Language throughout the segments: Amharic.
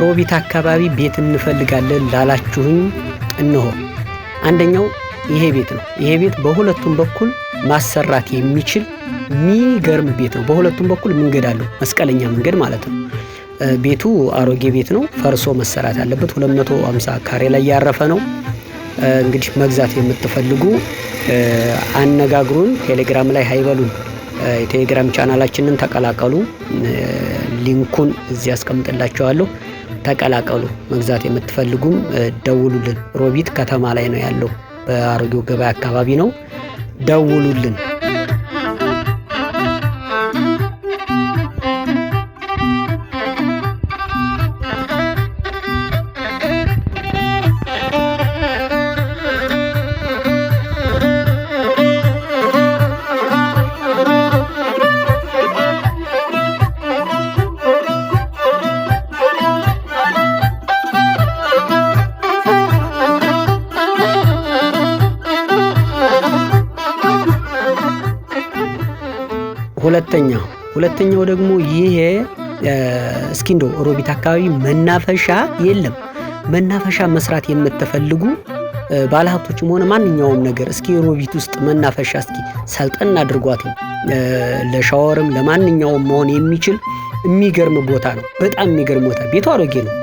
ሮቢት አካባቢ ቤት እንፈልጋለን ላላችሁኝ እንሆ አንደኛው ይሄ ቤት ነው። ይሄ ቤት በሁለቱም በኩል ማሰራት የሚችል ሚገርም ቤት ነው። በሁለቱም በኩል መንገድ አለው፣ መስቀለኛ መንገድ ማለት ነው። ቤቱ አሮጌ ቤት ነው፣ ፈርሶ መሰራት አለበት። 250 ካሬ ላይ ያረፈ ነው። እንግዲህ መግዛት የምትፈልጉ አነጋግሩን። ቴሌግራም ላይ ሀይበሉን፣ የቴሌግራም ቻናላችንን ተቀላቀሉ። ሊንኩን እዚህ ያስቀምጥላቸዋለሁ ተቀላቀሉ። መግዛት የምትፈልጉም ደውሉልን። ሮቢት ከተማ ላይ ነው ያለው፣ በአሮጌው ገበያ አካባቢ ነው። ደውሉልን። ሁለተኛ ሁለተኛው ደግሞ ይሄ እስኪ እንደው ሮቢት አካባቢ መናፈሻ የለም። መናፈሻ መስራት የምትፈልጉ ባለሀብቶችም ሆነ ማንኛውም ነገር እስኪ ሮቢት ውስጥ መናፈሻ እስኪ ሰልጠን አድርጓት። ለሻወርም ለማንኛውም መሆን የሚችል የሚገርም ቦታ ነው። በጣም የሚገርም ቦታ። ቤቱ አሮጌ ነው።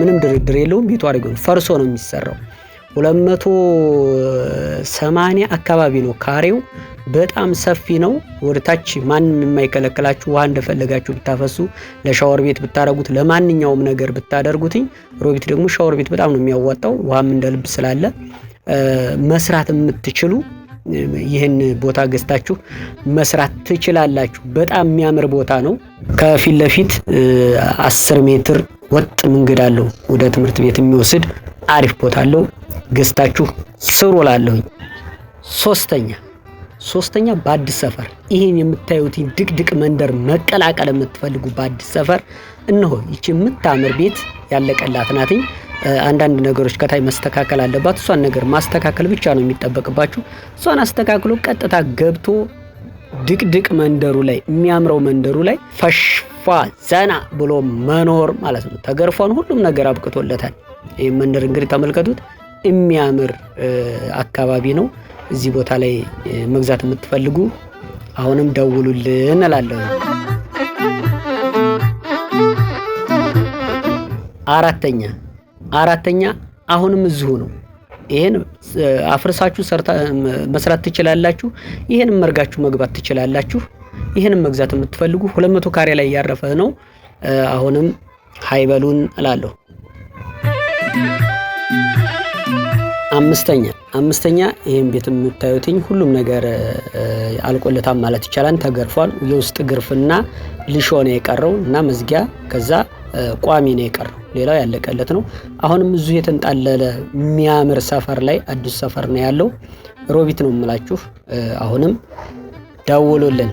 ምንም ድርድር የለውም። ቤቱ አሮጌ ነው። ፈርሶ ነው የሚሰራው። 280 አካባቢ ነው ካሬው። በጣም ሰፊ ነው። ወደታች ማንም የማይከለክላችሁ ውሃ እንደፈለጋችሁ ብታፈሱ፣ ለሻወር ቤት ብታረጉት፣ ለማንኛውም ነገር ብታደርጉትኝ። ሮቢት ደግሞ ሻወር ቤት በጣም ነው የሚያዋጣው፣ ውሃም እንደ ልብ ስላለ መስራት የምትችሉ ይህን ቦታ ገዝታችሁ መስራት ትችላላችሁ። በጣም የሚያምር ቦታ ነው። ከፊት ለፊት አስር ሜትር ወጥ መንገድ አለው ወደ ትምህርት ቤት የሚወስድ አሪፍ ቦታ አለው። ገዝታችሁ ስሩ ላለሁኝ። ሶስተኛ ሶስተኛ በአዲስ ሰፈር ይህን የምታዩትን ድቅድቅ መንደር መቀላቀል የምትፈልጉ በአዲስ ሰፈር እነሆ ይቺ የምታምር ቤት ያለቀላት ናትኝ። አንዳንድ ነገሮች ከታይ መስተካከል አለባት። እሷን ነገር ማስተካከል ብቻ ነው የሚጠበቅባችሁ። እሷን አስተካክሎ ቀጥታ ገብቶ ድቅድቅ መንደሩ ላይ የሚያምረው መንደሩ ላይ ፈሽፋ ዘና ብሎ መኖር ማለት ነው። ተገርፏን ሁሉም ነገር አብቅቶለታል። ይህ መንደር እንግዲህ ተመልከቱት። የሚያምር አካባቢ ነው። እዚህ ቦታ ላይ መግዛት የምትፈልጉ አሁንም ደውሉልን እላለሁ። አራተኛ አራተኛ አሁንም እዚሁ ነው። ይሄን አፍርሳችሁ መስራት ትችላላችሁ። ይሄንም መርጋችሁ መግባት ትችላላችሁ። ይሄንም መግዛት የምትፈልጉ 200 ካሬ ላይ ያረፈ ነው። አሁንም ሀይበሉን እላለሁ። አምስተኛ አምስተኛ ይህም ቤት የምታዩትኝ ሁሉም ነገር አልቆለታም ማለት ይቻላል። ተገርፏል። የውስጥ ግርፍና ልሾ ነው የቀረው እና መዝጊያ ከዛ ቋሚ ነው የቀረው። ሌላው ያለቀለት ነው። አሁንም እዙ የተንጣለለ የሚያምር ሰፈር ላይ አዲስ ሰፈር ነው ያለው። ሮቢት ነው የምላችሁ። አሁንም ደውሎልን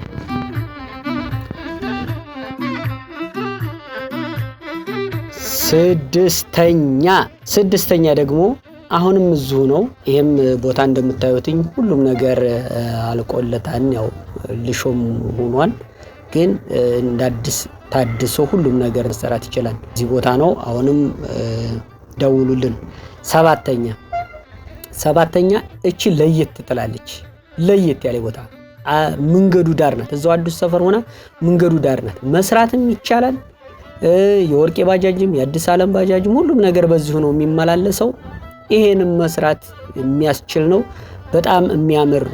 ስድስተኛ ስድስተኛ ደግሞ አሁንም እዚሁ ነው። ይህም ቦታ እንደምታዩትኝ ሁሉም ነገር አልቆለታን ያው ልሾም ሆኗል፣ ግን እንደ አዲስ ታድሶ ሁሉም ነገር መሰራት ይችላል። እዚህ ቦታ ነው። አሁንም ደውሉልን። ሰባተኛ ሰባተኛ እቺ ለየት ትጥላለች። ለየት ያለ ቦታ መንገዱ ዳር ናት። እዛው አዲሱ ሰፈር ሆና መንገዱ ዳር ናት። መስራትም ይቻላል። የወርቄ ባጃጅም የአዲስ ዓለም ባጃጅም ሁሉም ነገር በዚሁ ነው የሚመላለሰው። ይሄንም መስራት የሚያስችል ነው። በጣም የሚያምር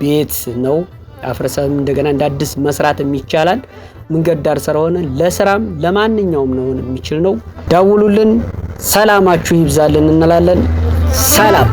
ቤት ነው። አፍርሰም እንደገና እንደ አዲስ መስራትም ይቻላል። መንገድ ዳር ስለሆነ ለስራም ለማንኛውም ነውን የሚችል ነው። ደውሉልን። ሰላማችሁ ይብዛልን እንላለን። ሰላም